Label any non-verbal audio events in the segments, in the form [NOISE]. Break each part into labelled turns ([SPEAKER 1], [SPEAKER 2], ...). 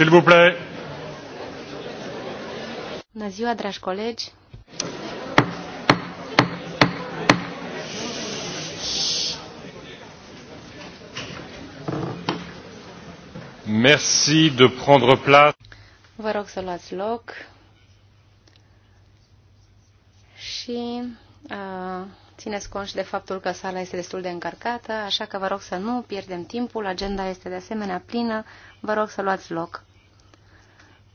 [SPEAKER 1] S'il vous plaît. Bună ziua, dragi colegi. Merci de prendre place. Vă rog să luați loc. Și uh, Țineți conști de faptul că sala este destul de încărcată, așa că vă rog să nu pierdem timpul, agenda este de asemenea plină, vă rog să luați loc.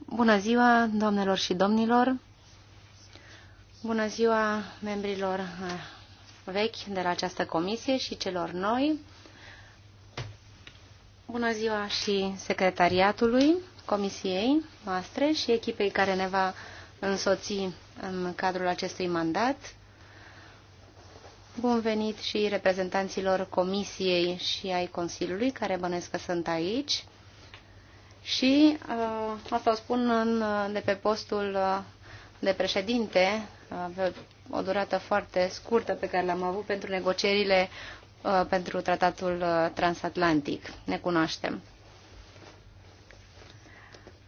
[SPEAKER 1] Bună ziua, domnilor și domnilor! Bună ziua membrilor eh, vechi de la această comisie și celor noi! Bună ziua și secretariatului comisiei noastre și echipei care ne va însoți în cadrul acestui mandat. Bun venit și reprezentanților Comisiei și ai Consiliului, care bănesc că sunt aici. Și uh, asta o spun în, de pe postul uh, de președinte, o durată foarte scurtă pe care l-am avut pentru negocierile uh, pentru tratatul transatlantic. Ne cunoaștem.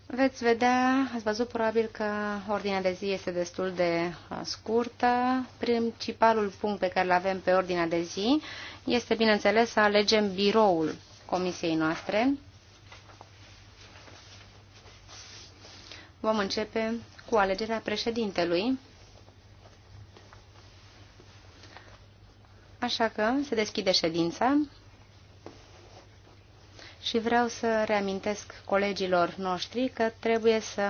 [SPEAKER 1] Veți vedea, ați văzut probabil că ordinea de zi este destul de scurtă. Principalul punct pe care îl avem pe ordinea de zi este, bineînțeles, să alegem biroul comisiei noastre. Vom începe cu alegerea președintelui. Așa că se deschide ședința și vreau să reamintesc colegilor noștri că trebuie să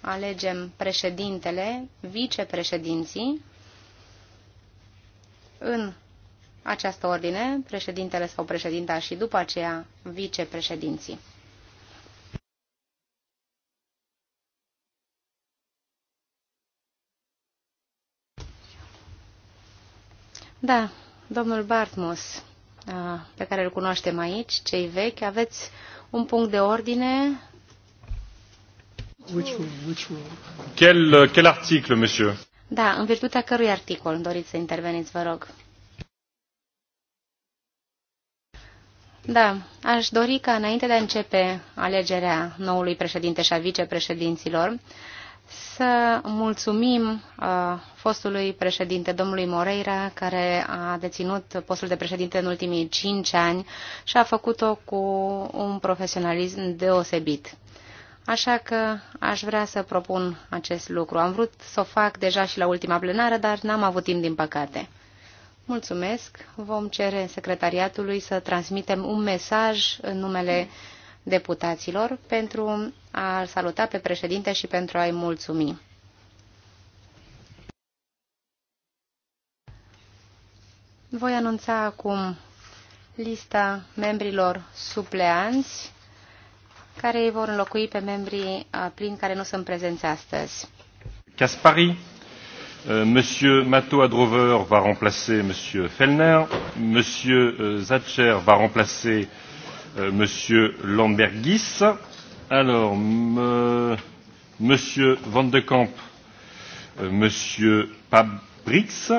[SPEAKER 1] alegem președintele, vicepreședinții, în această ordine, președintele sau președinta și după aceea vicepreședinții. Da, domnul Bartmus, pe care îl cunoaștem aici, cei vechi, aveți un punct de ordine. Which Which Quel, quel article, monsieur? Da, în virtutea cărui articol doriți să interveniți, vă rog. Da, aș dori ca înainte de a începe alegerea noului președinte și a vicepreședinților, să mulțumim uh, fostului președinte, domnului Moreira, care a deținut postul de președinte în ultimii cinci ani și a făcut-o cu un profesionalism deosebit. Așa că aș vrea să propun acest lucru. Am vrut să o fac deja și la ultima plenară, dar n-am avut timp, din păcate. Mulțumesc. Vom cere secretariatului să transmitem un mesaj în numele deputaților pentru a saluta pe președinte și pentru a-i mulțumi. Voi anunța acum lista membrilor supleanți care îi vor înlocui pe membrii plini care nu sunt prezenți astăzi. Caspari, uh, Monsieur Mato Adrover va remplacer Monsieur Fellner, Monsieur uh, Zacher va remplacer Euh, monsieur Lambergis. Alors, Monsieur Van de Camp, euh, Monsieur Pabrix,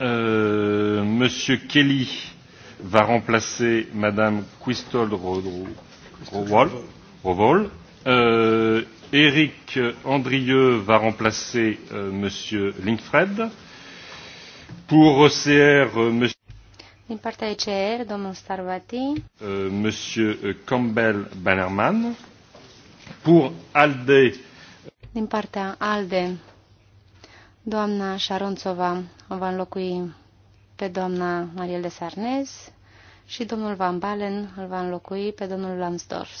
[SPEAKER 1] euh, Monsieur Kelly va remplacer Madame Quistol Rovol. Rovol. Euh, Eric Andrieux va remplacer euh, Monsieur Linkfred. Pour OCR, euh, M. Din partea ECR, domnul Starvati. Uh, monsieur uh, Campbell Bannerman. Pour ALDE. Din partea ALDE, doamna Șaronțova va înlocui pe doamna Mariel de Sarnez și domnul Van Balen îl va înlocui pe domnul Lansdorf.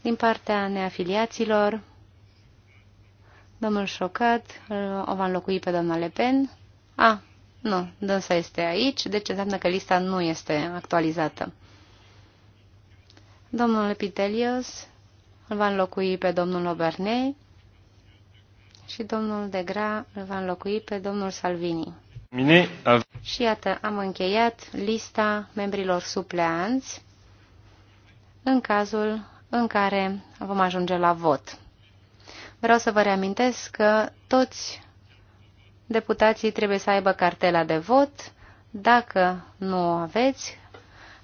[SPEAKER 1] Din partea neafiliaților, domnul Șocat o va înlocui pe doamna Le Pen. A, nu, dânsa este aici, deci înseamnă că lista nu este actualizată. Domnul Epitelios îl va înlocui pe domnul Obernei și domnul Degra îl va înlocui pe domnul Salvini.
[SPEAKER 2] Mine av-
[SPEAKER 1] Și iată, am încheiat lista membrilor supleanți în cazul în care vom ajunge la vot. Vreau să vă reamintesc că toți deputații trebuie să aibă cartela de vot. Dacă nu o aveți,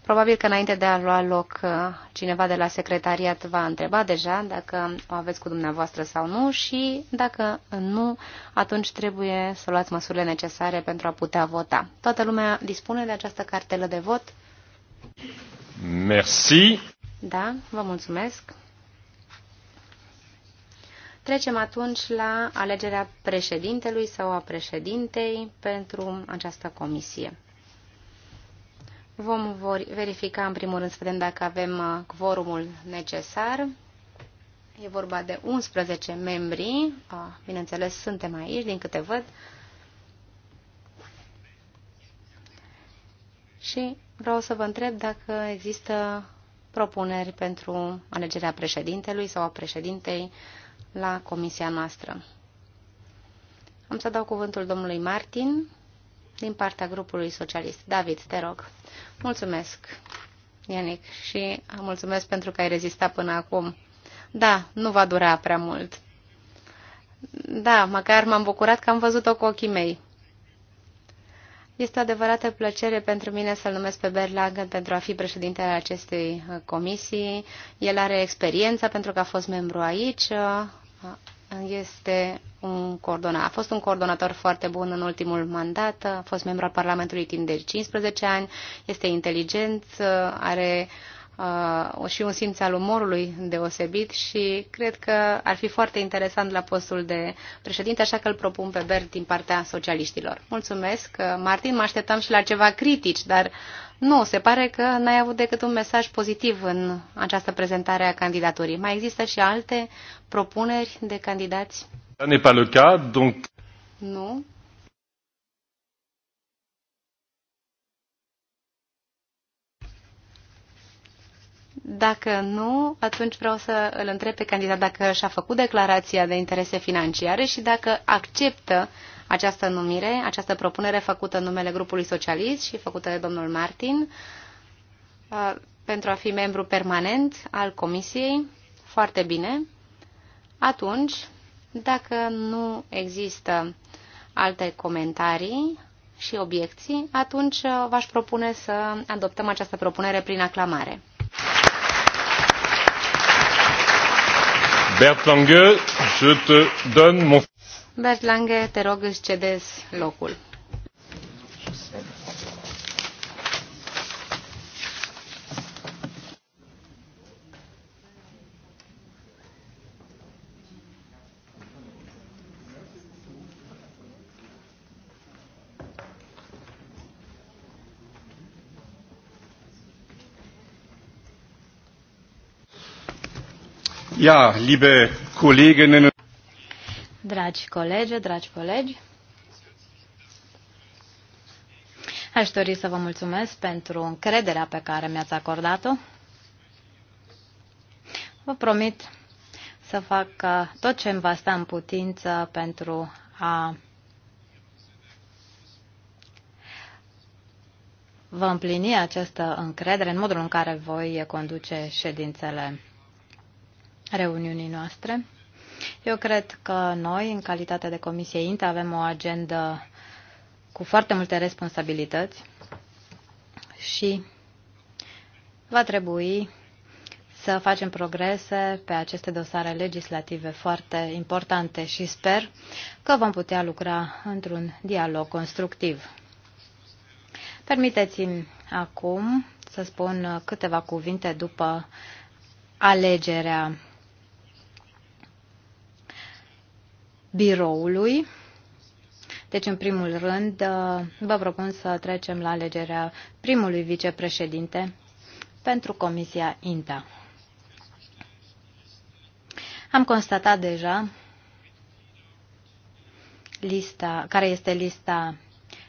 [SPEAKER 1] probabil că înainte de a lua loc, uh, cineva de la secretariat va întreba deja dacă o aveți cu dumneavoastră sau nu și dacă nu, atunci trebuie să luați măsurile necesare pentru a putea vota. Toată lumea dispune de această cartelă de vot? Merci. Da, vă mulțumesc. Trecem atunci la alegerea președintelui sau a președintei pentru această comisie. Vom verifica în primul rând să vedem dacă avem uh, quorumul necesar. E vorba de 11 membri. Uh, bineînțeles, suntem aici, din câte văd. Și vreau să vă întreb dacă există propuneri pentru alegerea președintelui sau a președintei uh, la comisia noastră. Am să dau cuvântul domnului Martin din partea grupului socialist. David, te rog. Mulțumesc, Ianic, și mulțumesc pentru că ai rezistat până acum. Da, nu va dura prea mult. Da, măcar m-am bucurat că am văzut-o cu ochii mei. Este o adevărată plăcere pentru mine să-l numesc pe Berlagan pentru a fi președintele acestei comisii. El are experiența pentru că a fost membru aici, este un coordonator. A fost un coordonator foarte bun în ultimul mandat, a fost membru al Parlamentului timp de 15 ani, este inteligent, are uh, Uh, și un simț al umorului deosebit și cred că ar fi foarte interesant la postul de președinte, așa că îl propun pe Bert din partea socialiștilor. Mulțumesc, uh, Martin, mă așteptam și la ceva critici, dar nu, se pare că n-ai avut decât un mesaj pozitiv în această prezentare a candidaturii. Mai există și alte propuneri de candidați? Nu. Dacă nu, atunci vreau să îl întreb pe candidat dacă și-a făcut declarația de interese financiare și dacă acceptă această numire, această propunere făcută în numele grupului socialist și făcută de domnul Martin uh, pentru a fi membru permanent al comisiei. Foarte bine. Atunci, dacă nu există alte comentarii și obiecții, atunci uh, v-aș propune să adoptăm această propunere prin aclamare. Bert Lange, je te donne mon... Bert Lange, te rog îți cedezi locul. Ja, liebe Kolleginnen
[SPEAKER 2] Dragi colegi, dragi colegi, aș dori să vă mulțumesc pentru încrederea pe care mi-ați acordat-o. Vă promit să fac uh, tot ce îmi va sta în putință pentru a vă împlini această încredere în modul în care voi conduce ședințele reuniunii noastre. Eu cred că noi, în calitate de Comisie INTE, avem o agendă cu foarte multe responsabilități și va trebui să facem progrese pe aceste dosare legislative foarte importante și sper că vom putea lucra într-un dialog constructiv. Permiteți-mi acum să spun câteva cuvinte după alegerea biroului. Deci, în primul rând, uh, vă propun să trecem la alegerea primului vicepreședinte pentru Comisia INTA. Am constatat deja lista, care este lista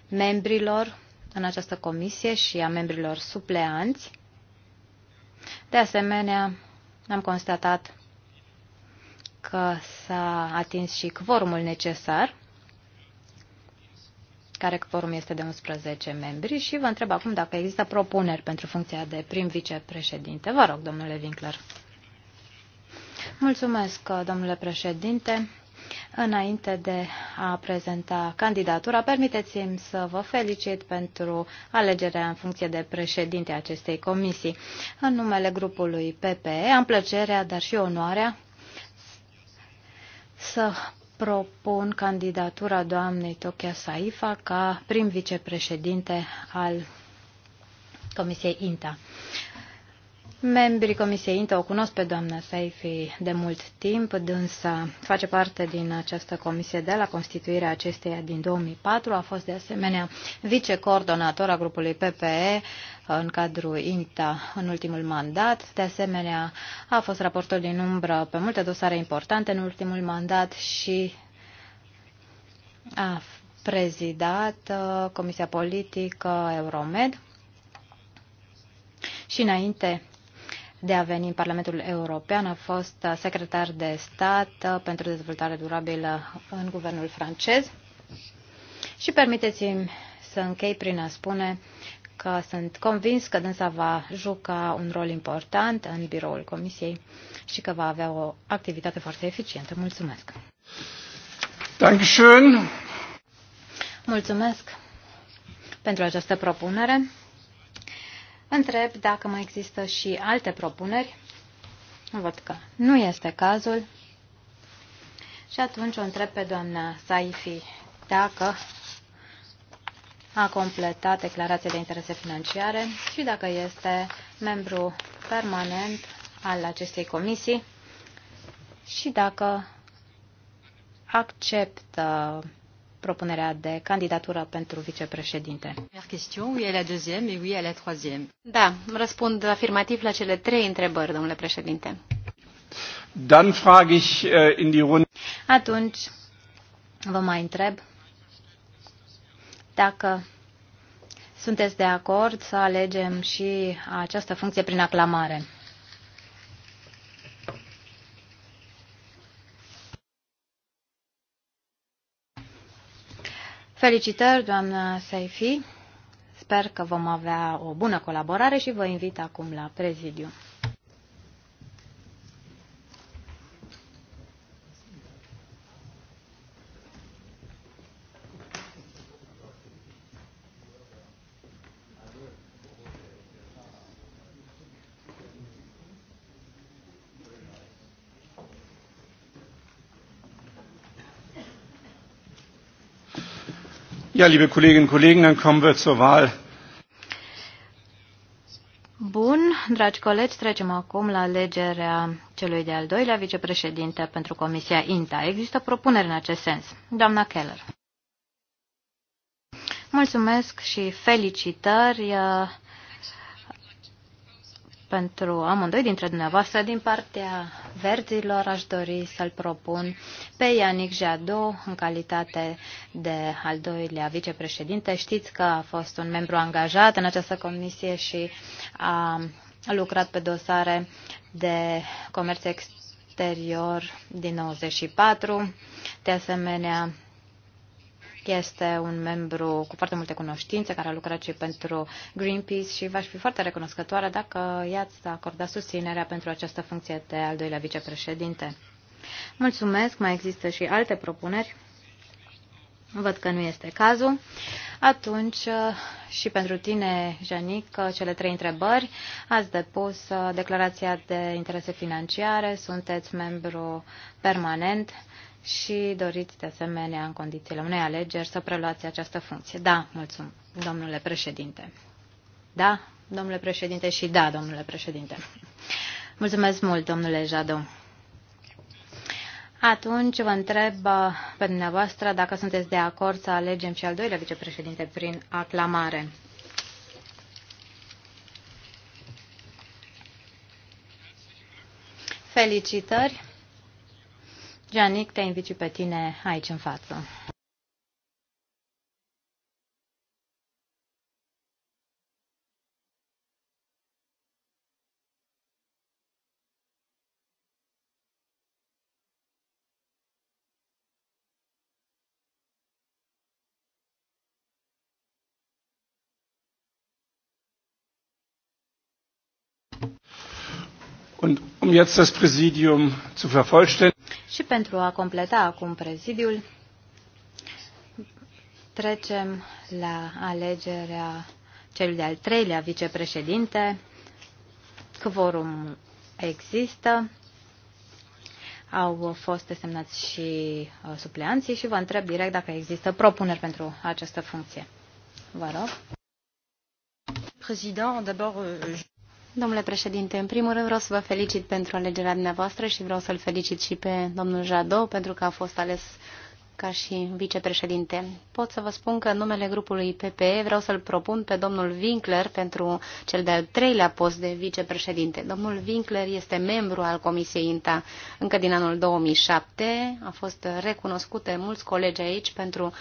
[SPEAKER 2] membrilor în această comisie și a membrilor supleanți. De asemenea, am constatat că s-a atins și cvorumul necesar, care cvorum este de 11 membri și vă întreb acum dacă există propuneri pentru funcția de prim vicepreședinte. Vă rog, domnule Winkler. Mulțumesc, domnule președinte. Înainte de a prezenta candidatura, permiteți-mi să vă felicit pentru alegerea în funcție de președinte a acestei comisii. În numele grupului PPE am plăcerea, dar și onoarea să propun candidatura doamnei Tokia Saifa ca prim vicepreședinte al Comisiei INTA. Membrii Comisiei INTA o cunosc pe doamna Saifi de mult timp, dânsa face parte din această comisie de la constituirea acesteia din 2004, a fost de asemenea vicecoordonator a grupului PPE în cadrul INTA în ultimul mandat, de asemenea a fost raportor din umbră pe multe dosare importante în ultimul mandat și a prezidat uh, Comisia Politică Euromed și înainte de a veni în Parlamentul European. A fost secretar de stat uh, pentru dezvoltare durabilă în guvernul francez. Și permiteți-mi să închei prin a spune că sunt convins că dânsa va juca un rol important în biroul Comisiei și că va avea o activitate foarte eficientă. Mulțumesc!
[SPEAKER 1] Dankeschön.
[SPEAKER 2] Mulțumesc pentru această propunere întreb dacă mai există și alte propuneri. Văd că nu este cazul. Și atunci o întreb pe doamna Saifi dacă a completat declarația de interese financiare și dacă este membru permanent al acestei comisii și dacă acceptă propunerea de candidatură pentru vicepreședinte.
[SPEAKER 1] Da, răspund afirmativ la cele trei întrebări, domnule președinte.
[SPEAKER 2] Dann frage
[SPEAKER 1] ich eh, in die Runde.
[SPEAKER 2] Atunci vă mai întreb dacă sunteți de acord să alegem și această funcție prin aclamare. Felicitări, doamna Saifi. Sper că vom avea o bună colaborare și vă invit acum la prezidiu.
[SPEAKER 1] Ja, liebe Kolleginnen und Kollegen, dann kommen wir zur Wahl.
[SPEAKER 2] Bun, dragi colegi, trecem acum la alegerea celui de-al doilea vicepreședinte pentru Comisia INTA. Există propuneri în acest sens. Doamna Keller. Mulțumesc și felicitări uh, pentru amândoi dintre dumneavoastră din partea verzilor, aș dori să-l propun pe Ianic Jadot în calitate de al doilea vicepreședinte. Știți că a fost un membru angajat în această comisie și a lucrat pe dosare de comerț exterior din 94. De asemenea, este un membru cu foarte multe cunoștințe care a lucrat și pentru Greenpeace și v-aș fi foarte recunoscătoare dacă i-ați acordat susținerea pentru această funcție de al doilea vicepreședinte. Mulțumesc, mai există și alte propuneri. Văd că nu este cazul. Atunci, și pentru tine, Janic, cele trei întrebări. Ați depus declarația de interese financiare, sunteți membru permanent și doriți de asemenea în condițiile unei alegeri să preluați această funcție. Da, mulțumim, domnule președinte. Da, domnule președinte și da, domnule președinte. Mulțumesc mult, domnule Jadou. Atunci vă întreb uh, pe dumneavoastră dacă sunteți de acord să alegem și al doilea vicepreședinte prin aclamare. Felicitări! Janic, te invit și pe tine aici în față.
[SPEAKER 1] Und um jetzt das Präsidium zu vervollständigen.
[SPEAKER 2] Și pentru a completa acum prezidiul, trecem la alegerea celui de-al treilea vicepreședinte. Cvorum există. Au fost desemnați și uh, supleanții și vă întreb direct dacă există propuneri pentru această funcție. Vă rog. Président, d'abord, euh, Domnule
[SPEAKER 1] președinte, în primul rând vreau să vă felicit pentru alegerea dumneavoastră și vreau să-l felicit și pe domnul Jadot pentru că a fost ales ca și vicepreședinte. Pot să vă spun că în numele grupului PPE vreau să-l propun pe domnul Winkler pentru cel de-al treilea post de vicepreședinte. Domnul Winkler este membru al Comisiei INTA încă din anul 2007, a fost recunoscut de mulți colegi aici pentru uh,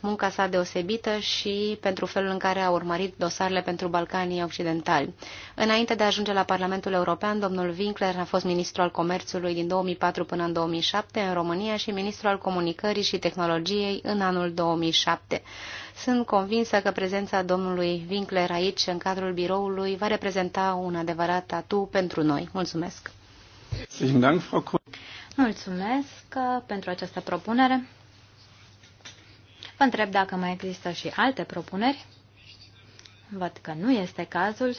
[SPEAKER 1] munca sa deosebită și pentru felul în care a urmărit dosarele pentru Balcanii Occidentali. Înainte de a ajunge la Parlamentul European, domnul Winkler a fost ministru al Comerțului din 2004 până în 2007 în România și ministru al Comunicării și Tehnologiei în anul 2007. Sunt convinsă că prezența domnului Winkler aici, în cadrul biroului, va reprezenta
[SPEAKER 2] un adevărat tatu pentru noi. Mulțumesc! Mulțumesc uh, pentru această propunere. Vă întreb dacă mai există și alte propuneri. Văd că nu este cazul.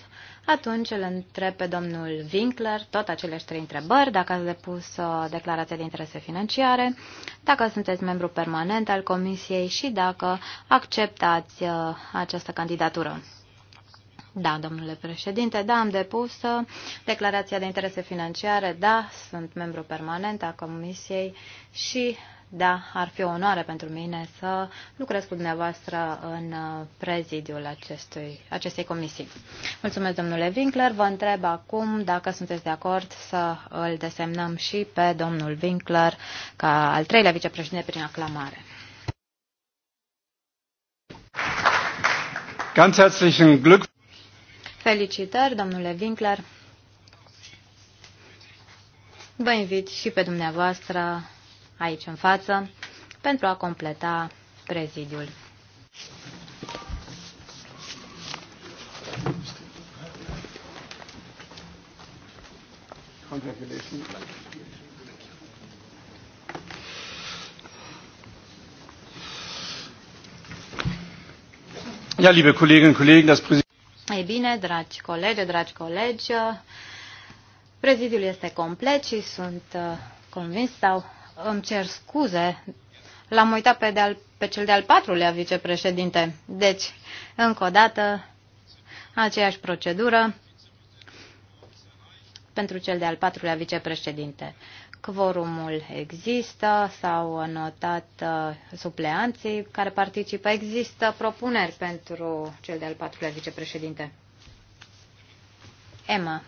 [SPEAKER 2] Atunci îl întreb pe domnul Winkler tot aceleași trei întrebări, dacă ați depus o uh, declarație de interese financiare, dacă sunteți membru permanent al comisiei și dacă acceptați uh, această candidatură. Da, domnule președinte, da, am depus uh, declarația de interese financiare, da, sunt membru permanent al comisiei și da, ar fi o onoare pentru mine să lucrez cu dumneavoastră în uh, prezidiul acestui, acestei comisii. Mulțumesc, domnule Winkler. Vă întreb acum dacă sunteți de acord să îl desemnăm și pe domnul Winkler ca al treilea vicepreședinte prin aclamare.
[SPEAKER 1] Ganz herzlichen Glück.
[SPEAKER 2] Felicitări, domnule Winkler. Vă invit și pe dumneavoastră aici în față pentru a completa prezidiul.
[SPEAKER 1] Ja, liebe Kolleginnen und Kollegen, das Präsidium.
[SPEAKER 2] Ei bine, dragi colegi, dragi colegi, prezidiul este complet și sunt uh, convins sau îmi cer scuze, l-am uitat pe, de pe cel de-al patrulea vicepreședinte. Deci, încă o dată, aceeași procedură pentru cel de-al patrulea vicepreședinte. Quorumul există, s-au notat uh, supleanții care participă. Există propuneri pentru cel de-al patrulea vicepreședinte. Emma.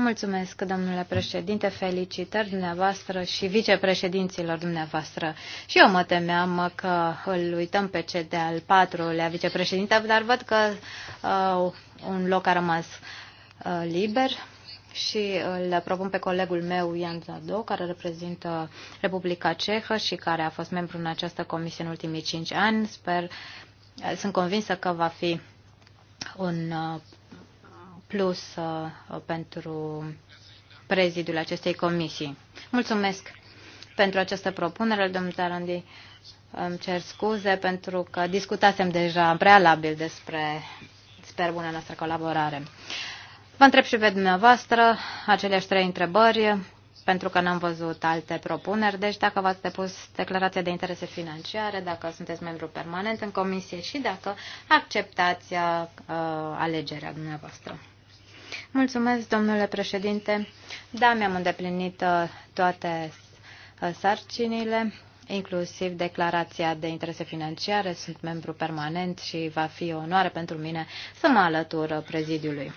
[SPEAKER 2] Mulțumesc, domnule președinte, felicitări dumneavoastră și vicepreședinților dumneavoastră. Și eu mă temeam că îl uităm pe cel de-al patrulea vicepreședinte, dar văd că uh, un loc a rămas uh, liber și îl propun pe colegul meu, Ian Zado, care reprezintă Republica Cehă și care a fost membru în această comisie în ultimii cinci ani. Sper, sunt convinsă că va fi un uh, plus uh, pentru prezidiul acestei comisii. Mulțumesc pentru această propunere, domnul Tarandi. Îmi cer scuze pentru că discutasem deja în prealabil despre, sper, bună noastră colaborare. Vă întreb și pe dumneavoastră aceleași trei întrebări, pentru că n-am văzut alte propuneri. Deci dacă v-ați depus declarația de interese financiare, dacă sunteți membru permanent în comisie și dacă acceptați uh, alegerea dumneavoastră. Mulțumesc, domnule președinte. Da, mi-am îndeplinit uh, toate uh, sarcinile, inclusiv declarația de interese financiare. Sunt membru permanent și va fi o onoare pentru mine să mă alătur uh, prezidiului.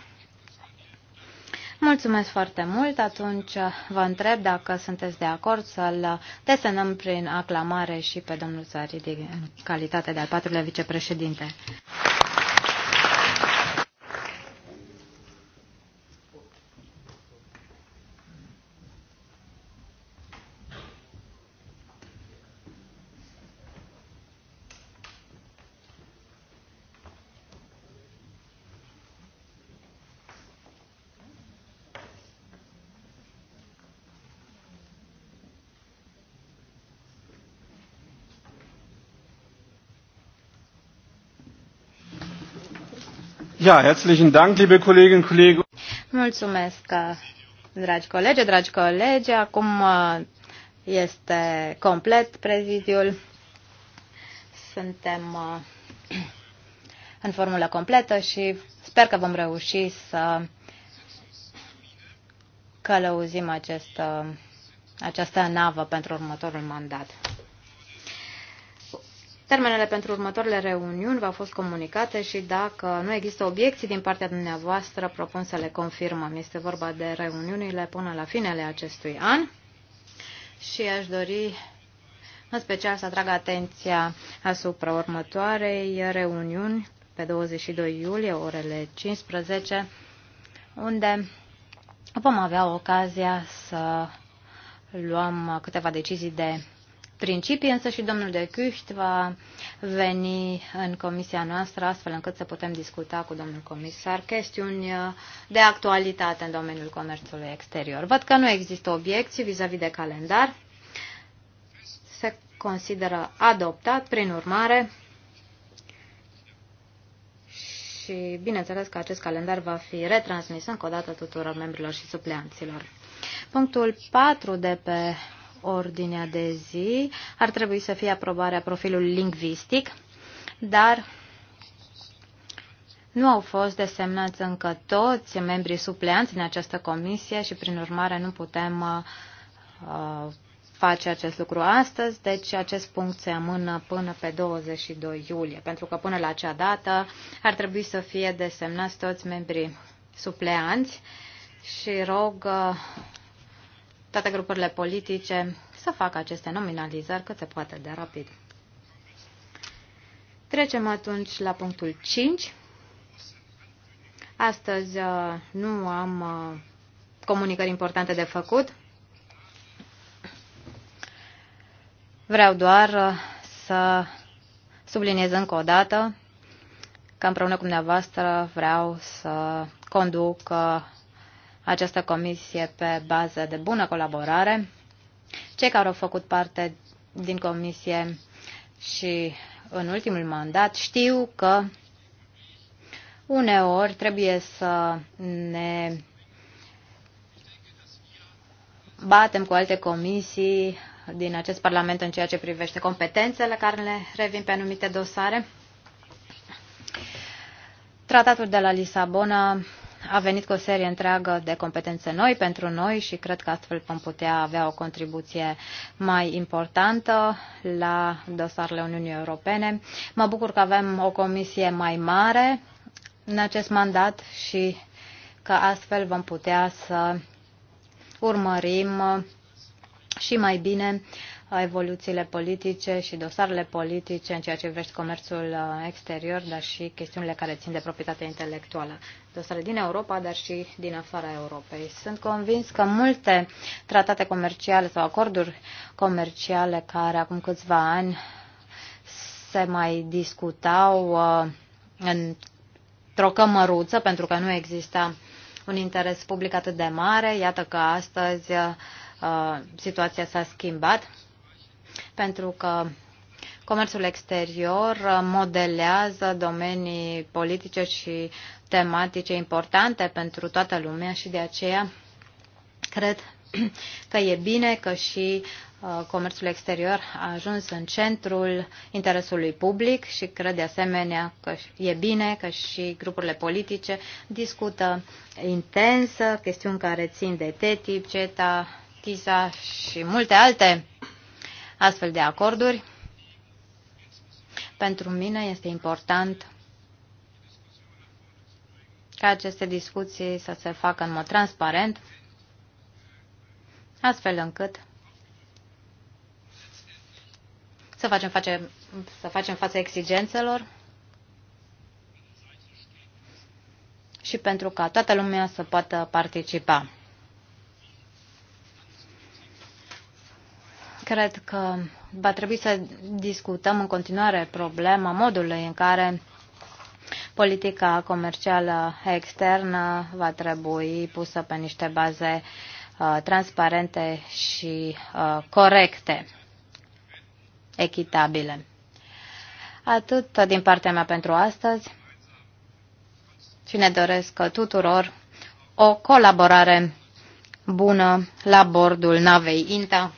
[SPEAKER 2] Mulțumesc foarte mult. Atunci vă întreb dacă sunteți de acord să-l desenăm prin aclamare și pe domnul Sari de calitate de al patrulea vicepreședinte.
[SPEAKER 1] Ja, herzlichen Dank, liebe Kolleginnen und Kollegen.
[SPEAKER 2] Mulțumesc, dragi colegi, dragi colegi. Acum uh, este complet prezidiul. Suntem uh, în formulă completă și sper că vom reuși să călăuzim acest, uh, această navă pentru următorul mandat. Termenele pentru următoarele reuniuni v-au fost comunicate și dacă nu există obiecții din partea dumneavoastră, propun să le confirmăm. Este vorba de reuniunile până la finele acestui an și aș dori în special să atrag atenția asupra următoarei reuniuni pe 22 iulie, orele 15, unde vom avea ocazia să luăm câteva decizii de principii, însă și domnul de Cucht va veni în comisia noastră astfel încât să putem discuta cu domnul comisar chestiuni de actualitate în domeniul comerțului exterior. Văd că nu există obiecții vis-a-vis de calendar. Se consideră adoptat, prin urmare, și bineînțeles că acest calendar va fi retransmis încă o dată tuturor membrilor și supleanților. Punctul 4 de pe ordinea de zi ar trebui să fie aprobarea profilului lingvistic, dar nu au fost desemnați încă toți membrii supleanți în această comisie și, prin urmare, nu putem uh, uh, face acest lucru astăzi, deci acest punct se amână până pe 22 iulie, pentru că până la acea dată ar trebui să fie desemnați toți membrii supleanți și rog uh, toate grupurile politice să facă aceste nominalizări cât se poate de rapid. Trecem atunci la punctul 5. Astăzi uh, nu am uh, comunicări importante de făcut. Vreau doar uh, să subliniez încă o dată că împreună cu dumneavoastră vreau să conduc această comisie pe bază de bună colaborare. Cei care au făcut parte din comisie și în ultimul mandat știu că uneori trebuie să ne batem cu alte comisii din acest Parlament în ceea ce privește competențele care le revin pe anumite dosare. Tratatul de la Lisabona a venit cu o serie întreagă de competențe noi pentru noi și cred că astfel vom putea avea o contribuție mai importantă la dosarele Uniunii Europene. Mă bucur că avem o comisie mai mare în acest mandat și că astfel vom putea să urmărim și mai bine uh, evoluțiile politice și dosarele politice în ceea ce privește comerțul uh, exterior, dar și chestiunile care țin de proprietatea intelectuală. Dosare din Europa, dar și din afara Europei. Sunt convins că multe tratate comerciale sau acorduri comerciale care acum câțiva ani se mai discutau uh, într-o cămăruță pentru că nu exista un interes public atât de mare. Iată că astăzi Uh, situația s-a schimbat, pentru că comerțul exterior uh, modelează domenii politice și tematice importante pentru toată lumea și de aceea cred [CLEARS THROAT] că e bine că și uh, comerțul exterior a ajuns în centrul interesului public și cred de asemenea că e bine că și grupurile politice discută intens chestiuni care țin de TTIP, CETA, TISA și multe alte astfel de acorduri, pentru mine este important ca aceste discuții să se facă în mod transparent, astfel încât să facem, face, să facem față exigențelor și pentru ca toată lumea să poată participa. Cred că va trebui să discutăm în continuare problema modului în care politica comercială externă va trebui pusă pe niște baze uh, transparente și uh, corecte, echitabile. Atât din partea mea pentru astăzi și ne doresc tuturor o colaborare bună la bordul navei INTA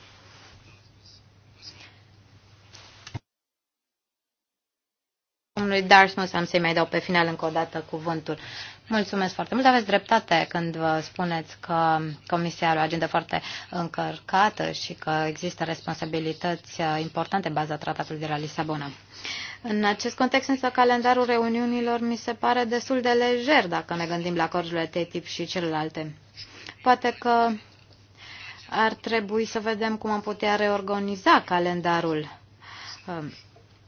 [SPEAKER 2] domnului Dartmouth am să-i mai dau pe final încă o dată cuvântul. Mulțumesc foarte mult. Aveți dreptate când vă spuneți că Comisia are o agendă foarte încărcată și că există responsabilități importante în baza tratatului de la Lisabona. În acest context, însă, calendarul reuniunilor mi se pare destul de lejer dacă ne gândim la acordurile TTIP și celelalte. Poate că ar trebui să vedem cum am putea reorganiza calendarul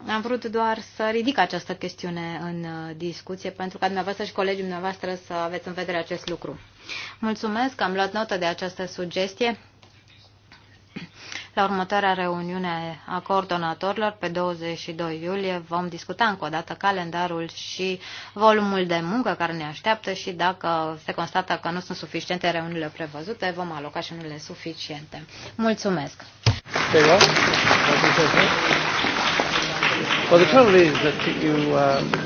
[SPEAKER 2] am vrut doar să ridic această chestiune în uh, discuție pentru ca dumneavoastră și colegii dumneavoastră să aveți în vedere acest lucru. Mulțumesc, am luat notă de această sugestie. La următoarea reuniune a coordonatorilor, pe 22 iulie, vom discuta încă o dată calendarul și volumul de muncă care ne așteaptă și dacă se constată că nu sunt suficiente reuniunile prevăzute, vom aloca și unele suficiente. Mulțumesc! Well, the trouble is that you. Um,